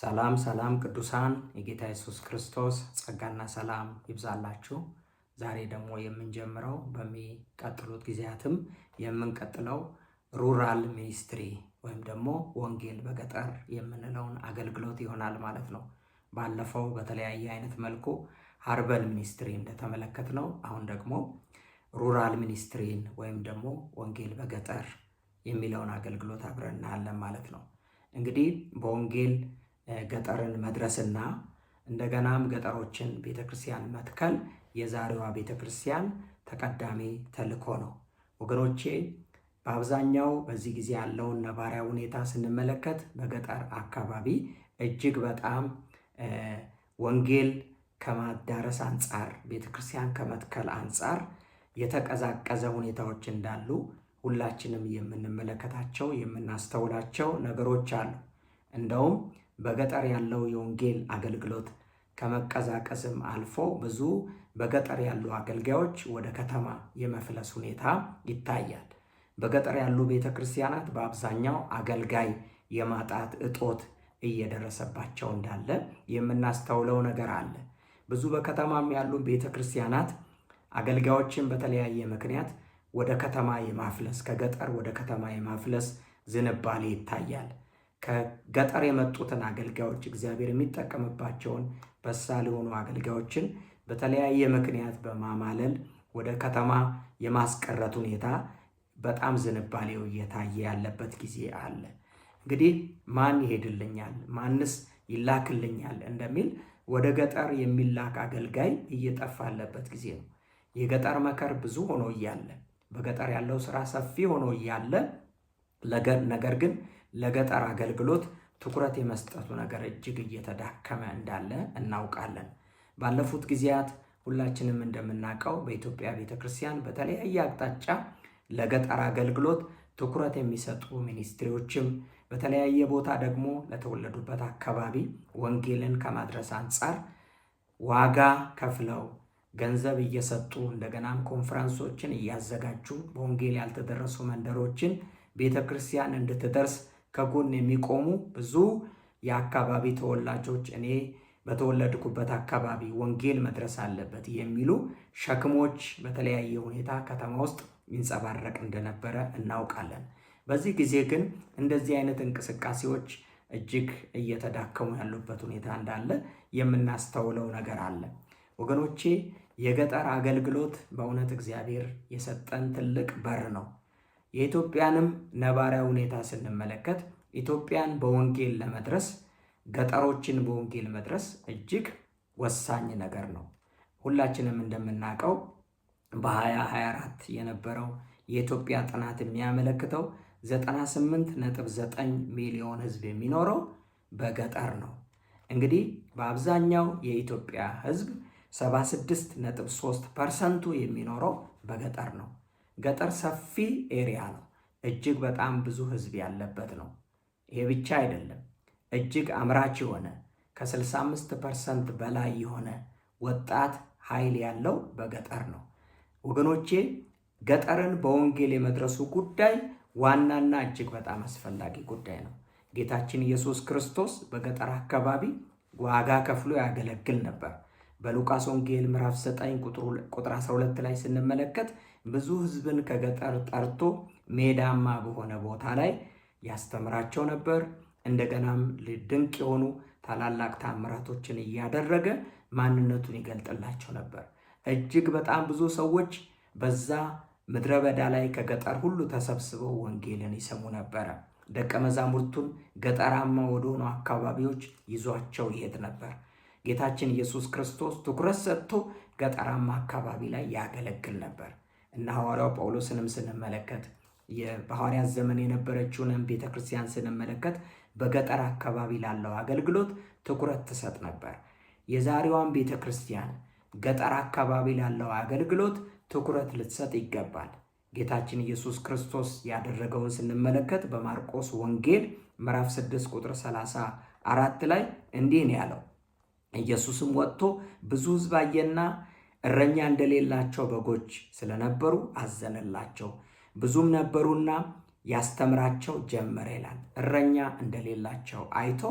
ሰላም ሰላም ቅዱሳን የጌታ ኢየሱስ ክርስቶስ ጸጋና ሰላም ይብዛላችሁ። ዛሬ ደግሞ የምንጀምረው በሚቀጥሉት ጊዜያትም የምንቀጥለው ሩራል ሚኒስትሪ ወይም ደግሞ ወንጌል በገጠር የምንለውን አገልግሎት ይሆናል ማለት ነው። ባለፈው በተለያየ አይነት መልኩ ሀርበል ሚኒስትሪ እንደተመለከት ነው። አሁን ደግሞ ሩራል ሚኒስትሪን ወይም ደግሞ ወንጌል በገጠር የሚለውን አገልግሎት አብረን እናያለን ማለት ነው። እንግዲህ በወንጌል ገጠርን መድረስና እንደገናም ገጠሮችን ቤተ ክርስቲያን መትከል የዛሬዋ ቤተ ክርስቲያን ተቀዳሚ ተልእኮ ነው። ወገኖቼ በአብዛኛው በዚህ ጊዜ ያለውን ነባሪያ ሁኔታ ስንመለከት በገጠር አካባቢ እጅግ በጣም ወንጌል ከማዳረስ አንጻር ቤተ ክርስቲያን ከመትከል አንጻር የተቀዛቀዘ ሁኔታዎች እንዳሉ ሁላችንም የምንመለከታቸው የምናስተውላቸው ነገሮች አሉ። እንደውም በገጠር ያለው የወንጌል አገልግሎት ከመቀዛቀዝም አልፎ ብዙ በገጠር ያሉ አገልጋዮች ወደ ከተማ የመፍለስ ሁኔታ ይታያል። በገጠር ያሉ ቤተ ክርስቲያናት በአብዛኛው አገልጋይ የማጣት እጦት እየደረሰባቸው እንዳለ የምናስተውለው ነገር አለ። ብዙ በከተማም ያሉ ቤተ ክርስቲያናት አገልጋዮችን በተለያየ ምክንያት ወደ ከተማ የማፍለስ ከገጠር ወደ ከተማ የማፍለስ ዝንባሌ ይታያል። ከገጠር የመጡትን አገልጋዮች እግዚአብሔር የሚጠቀምባቸውን በሳል የሆኑ አገልጋዮችን በተለያየ ምክንያት በማማለል ወደ ከተማ የማስቀረት ሁኔታ በጣም ዝንባሌው እየታየ ያለበት ጊዜ አለ። እንግዲህ ማን ይሄድልኛል፣ ማንስ ይላክልኛል እንደሚል ወደ ገጠር የሚላክ አገልጋይ እየጠፋ ያለበት ጊዜ ነው። የገጠር መከር ብዙ ሆኖ እያለ በገጠር ያለው ስራ ሰፊ ሆኖ እያለ ነገር ግን ለገጠር አገልግሎት ትኩረት የመስጠቱ ነገር እጅግ እየተዳከመ እንዳለ እናውቃለን። ባለፉት ጊዜያት ሁላችንም እንደምናውቀው በኢትዮጵያ ቤተ ክርስቲያን በተለያየ አቅጣጫ ለገጠር አገልግሎት ትኩረት የሚሰጡ ሚኒስትሪዎችም በተለያየ ቦታ ደግሞ ለተወለዱበት አካባቢ ወንጌልን ከማድረስ አንጻር ዋጋ ከፍለው ገንዘብ እየሰጡ እንደገናም ኮንፈረንሶችን እያዘጋጁ በወንጌል ያልተደረሱ መንደሮችን ቤተ ክርስቲያን እንድትደርስ ከጎን የሚቆሙ ብዙ የአካባቢ ተወላጆች እኔ በተወለድኩበት አካባቢ ወንጌል መድረስ አለበት የሚሉ ሸክሞች በተለያየ ሁኔታ ከተማ ውስጥ ይንጸባረቅ እንደነበረ እናውቃለን። በዚህ ጊዜ ግን እንደዚህ አይነት እንቅስቃሴዎች እጅግ እየተዳከሙ ያሉበት ሁኔታ እንዳለ የምናስተውለው ነገር አለ። ወገኖቼ የገጠር አገልግሎት በእውነት እግዚአብሔር የሰጠን ትልቅ በር ነው። የኢትዮጵያንም ነባሪያ ሁኔታ ስንመለከት ኢትዮጵያን በወንጌል ለመድረስ ገጠሮችን በወንጌል መድረስ እጅግ ወሳኝ ነገር ነው። ሁላችንም እንደምናውቀው በ2024 የነበረው የኢትዮጵያ ጥናት የሚያመለክተው 98.9 ሚሊዮን ሕዝብ የሚኖረው በገጠር ነው። እንግዲህ በአብዛኛው የኢትዮጵያ ሕዝብ 76.3 ፐርሰንቱ የሚኖረው በገጠር ነው። ገጠር ሰፊ ኤሪያ ነው። እጅግ በጣም ብዙ ህዝብ ያለበት ነው። ይሄ ብቻ አይደለም። እጅግ አምራች የሆነ ከ65 ፐርሰንት በላይ የሆነ ወጣት ኃይል ያለው በገጠር ነው። ወገኖቼ ገጠርን በወንጌል የመድረሱ ጉዳይ ዋናና እጅግ በጣም አስፈላጊ ጉዳይ ነው። ጌታችን ኢየሱስ ክርስቶስ በገጠር አካባቢ ዋጋ ከፍሎ ያገለግል ነበር። በሉቃስ ወንጌል ምዕራፍ 9 ቁጥር 12 ላይ ስንመለከት ብዙ ሕዝብን ከገጠር ጠርቶ ሜዳማ በሆነ ቦታ ላይ ያስተምራቸው ነበር። እንደገናም ድንቅ የሆኑ ታላላቅ ታምራቶችን እያደረገ ማንነቱን ይገልጥላቸው ነበር። እጅግ በጣም ብዙ ሰዎች በዛ ምድረ በዳ ላይ ከገጠር ሁሉ ተሰብስበው ወንጌልን ይሰሙ ነበረ። ደቀ መዛሙርቱን ገጠራማ ወደሆኑ አካባቢዎች ይዟቸው ይሄድ ነበር። ጌታችን ኢየሱስ ክርስቶስ ትኩረት ሰጥቶ ገጠራማ አካባቢ ላይ ያገለግል ነበር እና ሐዋርያው ጳውሎስንም ስንመለከት በሐዋርያት ዘመን የነበረችውንም ቤተ ክርስቲያን ስንመለከት በገጠር አካባቢ ላለው አገልግሎት ትኩረት ትሰጥ ነበር። የዛሬዋን ቤተ ክርስቲያን ገጠር አካባቢ ላለው አገልግሎት ትኩረት ልትሰጥ ይገባል። ጌታችን ኢየሱስ ክርስቶስ ያደረገውን ስንመለከት በማርቆስ ወንጌል ምዕራፍ 6 ቁጥር 34 ላይ እንዲህ ነው ያለው ኢየሱስም ወጥቶ ብዙ ሕዝብ አየና እረኛ እንደሌላቸው በጎች ስለነበሩ አዘነላቸው። ብዙም ነበሩና ያስተምራቸው ጀመረ ይላል። እረኛ እንደሌላቸው አይቶ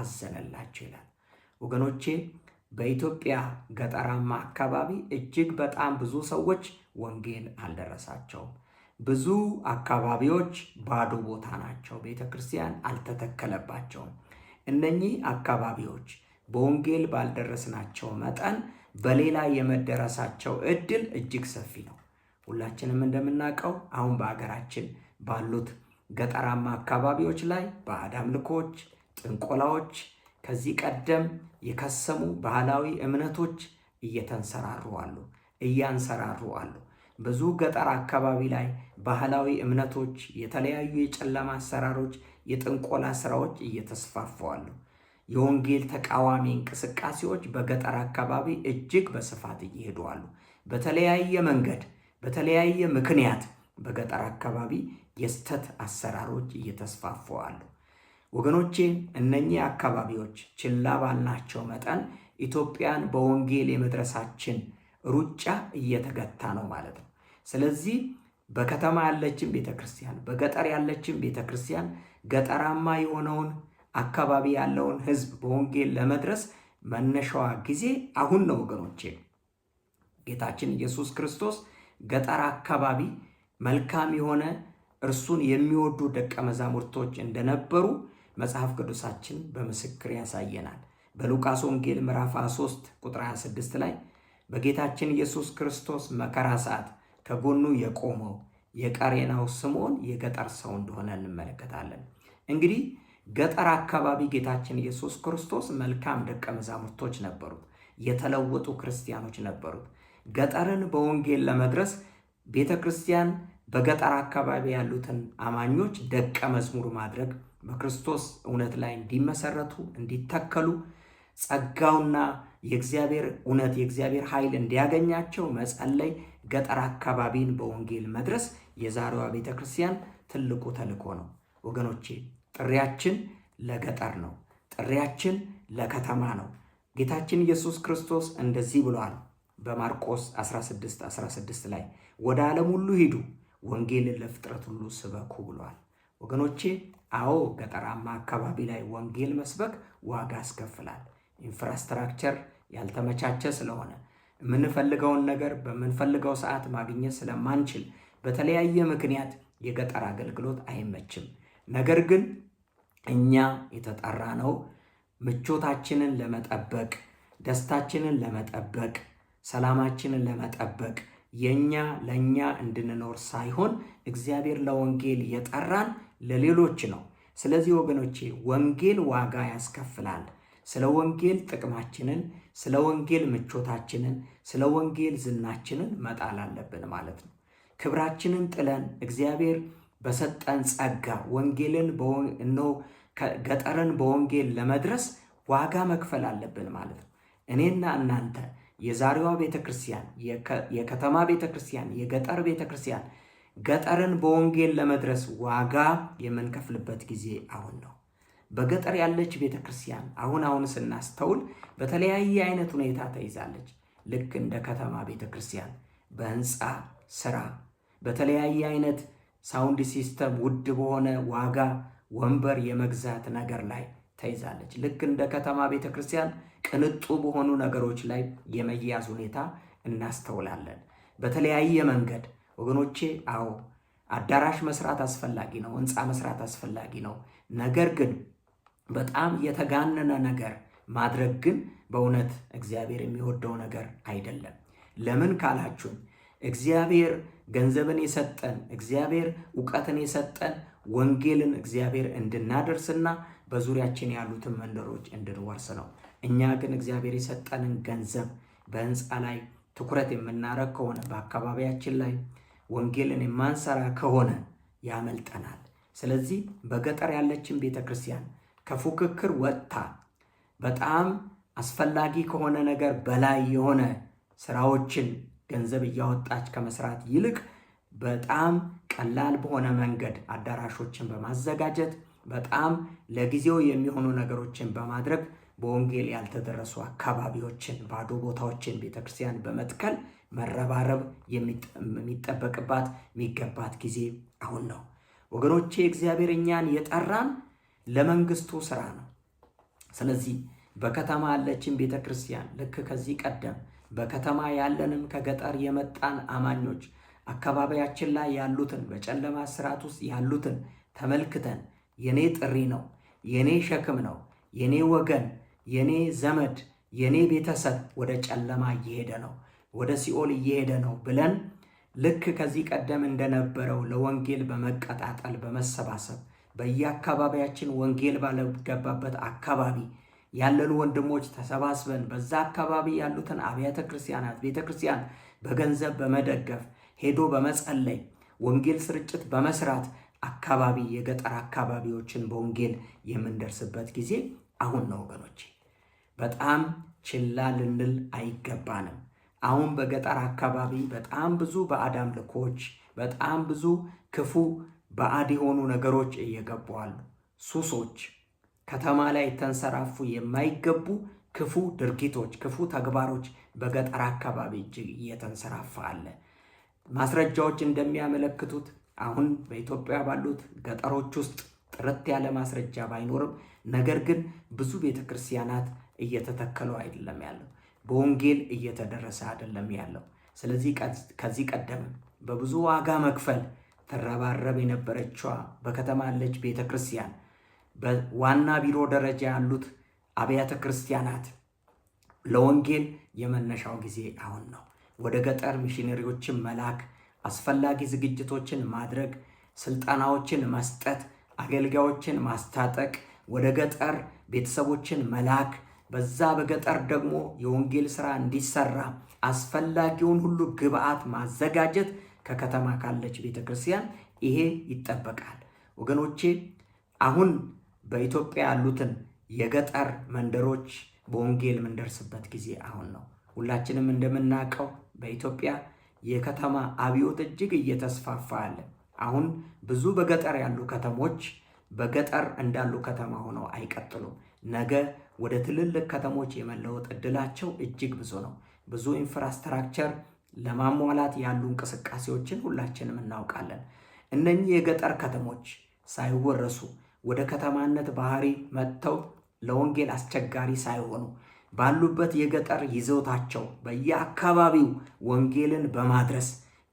አዘነላቸው ይላል። ወገኖቼ በኢትዮጵያ ገጠራማ አካባቢ እጅግ በጣም ብዙ ሰዎች ወንጌል አልደረሳቸውም። ብዙ አካባቢዎች ባዶ ቦታ ናቸው። ቤተ ክርስቲያን አልተተከለባቸውም። እነኚህ አካባቢዎች በወንጌል ባልደረስናቸው መጠን በሌላ የመደረሳቸው እድል እጅግ ሰፊ ነው። ሁላችንም እንደምናውቀው አሁን በአገራችን ባሉት ገጠራማ አካባቢዎች ላይ ባዕድ አምልኮች፣ ጥንቆላዎች፣ ከዚህ ቀደም የከሰሙ ባህላዊ እምነቶች እየተንሰራሩ አሉ እያንሰራሩ አሉ። ብዙ ገጠር አካባቢ ላይ ባህላዊ እምነቶች፣ የተለያዩ የጨለማ አሰራሮች፣ የጥንቆላ ስራዎች እየተስፋፉ አሉ። የወንጌል ተቃዋሚ እንቅስቃሴዎች በገጠር አካባቢ እጅግ በስፋት እየሄዱ አሉ። በተለያየ መንገድ በተለያየ ምክንያት በገጠር አካባቢ የስተት አሰራሮች እየተስፋፉ አሉ። ወገኖቼ እነኚህ አካባቢዎች ችላ ባልናቸው መጠን ኢትዮጵያን በወንጌል የመድረሳችን ሩጫ እየተገታ ነው ማለት ነው። ስለዚህ በከተማ ያለችን ቤተክርስቲያን፣ በገጠር ያለችን ቤተክርስቲያን ገጠራማ የሆነውን አካባቢ ያለውን ህዝብ በወንጌል ለመድረስ መነሻዋ ጊዜ አሁን ነው ወገኖቼ። ጌታችን ኢየሱስ ክርስቶስ ገጠር አካባቢ መልካም የሆነ እርሱን የሚወዱ ደቀ መዛሙርቶች እንደነበሩ መጽሐፍ ቅዱሳችን በምስክር ያሳየናል። በሉቃስ ወንጌል ምዕራፍ 23 ቁጥር 26 ላይ በጌታችን ኢየሱስ ክርስቶስ መከራ ሰዓት ከጎኑ የቆመው የቀሬናው ስምዖን የገጠር ሰው እንደሆነ እንመለከታለን። እንግዲህ ገጠር አካባቢ ጌታችን ኢየሱስ ክርስቶስ መልካም ደቀ መዛሙርቶች ነበሩት። የተለወጡ ክርስቲያኖች ነበሩት። ገጠርን በወንጌል ለመድረስ ቤተ ክርስቲያን በገጠር አካባቢ ያሉትን አማኞች ደቀ መዝሙር ማድረግ በክርስቶስ እውነት ላይ እንዲመሰረቱ እንዲተከሉ ጸጋውና የእግዚአብሔር እውነት የእግዚአብሔር ኃይል እንዲያገኛቸው መጸለይ፣ ገጠር አካባቢን በወንጌል መድረስ የዛሬዋ ቤተ ክርስቲያን ትልቁ ተልእኮ ነው ወገኖቼ። ጥሪያችን ለገጠር ነው። ጥሪያችን ለከተማ ነው። ጌታችን ኢየሱስ ክርስቶስ እንደዚህ ብሏል በማርቆስ 16 16 ላይ ወደ ዓለም ሁሉ ሂዱ ወንጌልን ለፍጥረት ሁሉ ስበኩ ብሏል። ወገኖቼ አዎ ገጠራማ አካባቢ ላይ ወንጌል መስበክ ዋጋ ያስከፍላል። ኢንፍራስትራክቸር ያልተመቻቸ ስለሆነ የምንፈልገውን ነገር በምንፈልገው ሰዓት ማግኘት ስለማንችል በተለያየ ምክንያት የገጠር አገልግሎት አይመችም። ነገር ግን እኛ የተጠራ ነው ምቾታችንን ለመጠበቅ፣ ደስታችንን ለመጠበቅ፣ ሰላማችንን ለመጠበቅ የእኛ ለእኛ እንድንኖር ሳይሆን እግዚአብሔር ለወንጌል የጠራን ለሌሎች ነው። ስለዚህ ወገኖቼ ወንጌል ዋጋ ያስከፍላል። ስለ ወንጌል ጥቅማችንን፣ ስለ ወንጌል ምቾታችንን፣ ስለ ወንጌል ዝናችንን መጣል አለብን ማለት ነው። ክብራችንን ጥለን እግዚአብሔር በሰጠን ጸጋ ወንጌልን እነሆ ገጠርን በወንጌል ለመድረስ ዋጋ መክፈል አለብን ማለት ነው። እኔና እናንተ የዛሬዋ ቤተ ክርስቲያን፣ የከተማ ቤተ ክርስቲያን፣ የገጠር ቤተ ክርስቲያን ገጠርን በወንጌል ለመድረስ ዋጋ የምንከፍልበት ጊዜ አሁን ነው። በገጠር ያለች ቤተ ክርስቲያን አሁን አሁን ስናስተውል በተለያየ አይነት ሁኔታ ተይዛለች። ልክ እንደ ከተማ ቤተ ክርስቲያን በህንፃ ስራ በተለያየ አይነት ሳውንድ ሲስተም ውድ በሆነ ዋጋ ወንበር የመግዛት ነገር ላይ ተይዛለች። ልክ እንደ ከተማ ቤተ ክርስቲያን ቅንጡ በሆኑ ነገሮች ላይ የመያዝ ሁኔታ እናስተውላለን በተለያየ መንገድ። ወገኖቼ አዎ አዳራሽ መስራት አስፈላጊ ነው፣ ህንፃ መስራት አስፈላጊ ነው። ነገር ግን በጣም የተጋነነ ነገር ማድረግ ግን በእውነት እግዚአብሔር የሚወደው ነገር አይደለም። ለምን ካላችሁን እግዚአብሔር ገንዘብን የሰጠን እግዚአብሔር እውቀትን የሰጠን ወንጌልን እግዚአብሔር እንድናደርስና በዙሪያችን ያሉትን መንደሮች እንድንወርስ ነው። እኛ ግን እግዚአብሔር የሰጠንን ገንዘብ በህንፃ ላይ ትኩረት የምናረግ ከሆነ በአካባቢያችን ላይ ወንጌልን የማንሰራ ከሆነ ያመልጠናል። ስለዚህ በገጠር ያለችን ቤተ ክርስቲያን ከፉክክር ወጥታ በጣም አስፈላጊ ከሆነ ነገር በላይ የሆነ ስራዎችን ገንዘብ እያወጣች ከመስራት ይልቅ በጣም ቀላል በሆነ መንገድ አዳራሾችን በማዘጋጀት በጣም ለጊዜው የሚሆኑ ነገሮችን በማድረግ በወንጌል ያልተደረሱ አካባቢዎችን፣ ባዶ ቦታዎችን ቤተክርስቲያን በመትከል መረባረብ የሚጠበቅባት የሚገባት ጊዜ አሁን ነው። ወገኖቼ እግዚአብሔር እኛን የጠራን ለመንግስቱ ስራ ነው። ስለዚህ በከተማ ያለችን ቤተክርስቲያን ልክ ከዚህ ቀደም በከተማ ያለንም ከገጠር የመጣን አማኞች አካባቢያችን ላይ ያሉትን በጨለማ ስርዓት ውስጥ ያሉትን ተመልክተን የኔ ጥሪ ነው፣ የኔ ሸክም ነው፣ የኔ ወገን፣ የኔ ዘመድ፣ የኔ ቤተሰብ ወደ ጨለማ እየሄደ ነው፣ ወደ ሲኦል እየሄደ ነው ብለን ልክ ከዚህ ቀደም እንደነበረው ለወንጌል በመቀጣጠል በመሰባሰብ በየአካባቢያችን ወንጌል ባልገባበት አካባቢ ያለሉ ወንድሞች ተሰባስበን በዛ አካባቢ ያሉትን አብያተ ክርስቲያናት ቤተ ክርስቲያን በገንዘብ በመደገፍ ሄዶ በመጸለይ ወንጌል ስርጭት በመስራት አካባቢ የገጠር አካባቢዎችን በወንጌል የምንደርስበት ጊዜ አሁን ነው ወገኖች። በጣም ችላ ልንል አይገባንም። አሁን በገጠር አካባቢ በጣም ብዙ ባዕድ አምልኮች፣ በጣም ብዙ ክፉ ባዕድ የሆኑ ነገሮች እየገቡ አሉ ሱሶች ከተማ ላይ ተንሰራፉ የማይገቡ ክፉ ድርጊቶች፣ ክፉ ተግባሮች በገጠር አካባቢ እጅግ እየተንሰራፋ አለ። ማስረጃዎች እንደሚያመለክቱት አሁን በኢትዮጵያ ባሉት ገጠሮች ውስጥ ጥርት ያለ ማስረጃ ባይኖርም ነገር ግን ብዙ ቤተ ክርስቲያናት እየተተከሉ አይደለም ያለው፣ በወንጌል እየተደረሰ አይደለም ያለው። ስለዚህ ከዚህ ቀደም በብዙ ዋጋ መክፈል ትረባረብ የነበረችዋ በከተማ ያለች ቤተ ክርስቲያን በዋና ቢሮ ደረጃ ያሉት አብያተ ክርስቲያናት ለወንጌል የመነሻው ጊዜ አሁን ነው። ወደ ገጠር ሚሽነሪዎችን መላክ፣ አስፈላጊ ዝግጅቶችን ማድረግ፣ ስልጠናዎችን መስጠት፣ አገልጋዮችን ማስታጠቅ፣ ወደ ገጠር ቤተሰቦችን መላክ፣ በዛ በገጠር ደግሞ የወንጌል ስራ እንዲሰራ አስፈላጊውን ሁሉ ግብአት ማዘጋጀት ከከተማ ካለች ቤተ ክርስቲያን ይሄ ይጠበቃል ወገኖቼ አሁን በኢትዮጵያ ያሉትን የገጠር መንደሮች በወንጌል የምንደርስበት ጊዜ አሁን ነው። ሁላችንም እንደምናውቀው በኢትዮጵያ የከተማ አብዮት እጅግ እየተስፋፋ አለ። አሁን ብዙ በገጠር ያሉ ከተሞች በገጠር እንዳሉ ከተማ ሆነው አይቀጥሉም። ነገ ወደ ትልልቅ ከተሞች የመለወጥ እድላቸው እጅግ ብዙ ነው። ብዙ ኢንፍራስትራክቸር ለማሟላት ያሉ እንቅስቃሴዎችን ሁላችንም እናውቃለን። እነኚህ የገጠር ከተሞች ሳይወረሱ ወደ ከተማነት ባህሪ መጥተው ለወንጌል አስቸጋሪ ሳይሆኑ ባሉበት የገጠር ይዘውታቸው በየአካባቢው ወንጌልን በማድረስ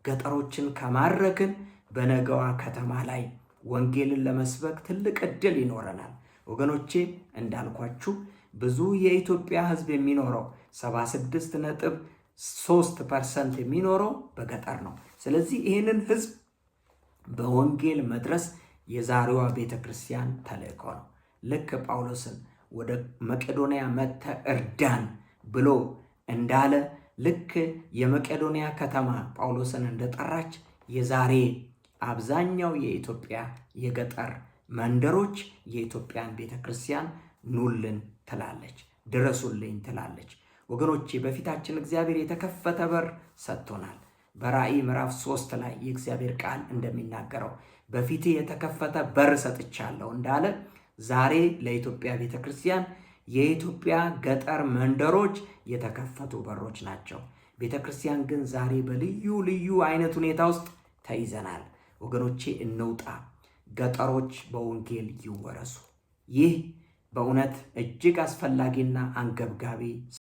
ገጠሮችን ከማረክን በነገዋ ከተማ ላይ ወንጌልን ለመስበክ ትልቅ እድል ይኖረናል። ወገኖቼ እንዳልኳችሁ ብዙ የኢትዮጵያ ሕዝብ የሚኖረው 76 ነጥብ 3 ፐርሰንት የሚኖረው በገጠር ነው። ስለዚህ ይህንን ሕዝብ በወንጌል መድረስ የዛሬዋ ቤተ ክርስቲያን ተልእኮ ነው። ልክ ጳውሎስን ወደ መቄዶንያ መጥተ እርዳን ብሎ እንዳለ ልክ የመቄዶንያ ከተማ ጳውሎስን እንደጠራች የዛሬ አብዛኛው የኢትዮጵያ የገጠር መንደሮች የኢትዮጵያን ቤተ ክርስቲያን ኑልን ትላለች፣ ድረሱልኝ ትላለች። ወገኖቼ በፊታችን እግዚአብሔር የተከፈተ በር ሰጥቶናል። በራእይ ምዕራፍ ሶስት ላይ የእግዚአብሔር ቃል እንደሚናገረው በፊት የተከፈተ በር ሰጥቻለሁ እንዳለ ዛሬ ለኢትዮጵያ ቤተ ክርስቲያን የኢትዮጵያ ገጠር መንደሮች የተከፈቱ በሮች ናቸው። ቤተ ክርስቲያን ግን ዛሬ በልዩ ልዩ አይነት ሁኔታ ውስጥ ተይዘናል። ወገኖቼ እንውጣ፣ ገጠሮች በወንጌል ይወረሱ። ይህ በእውነት እጅግ አስፈላጊና አንገብጋቢ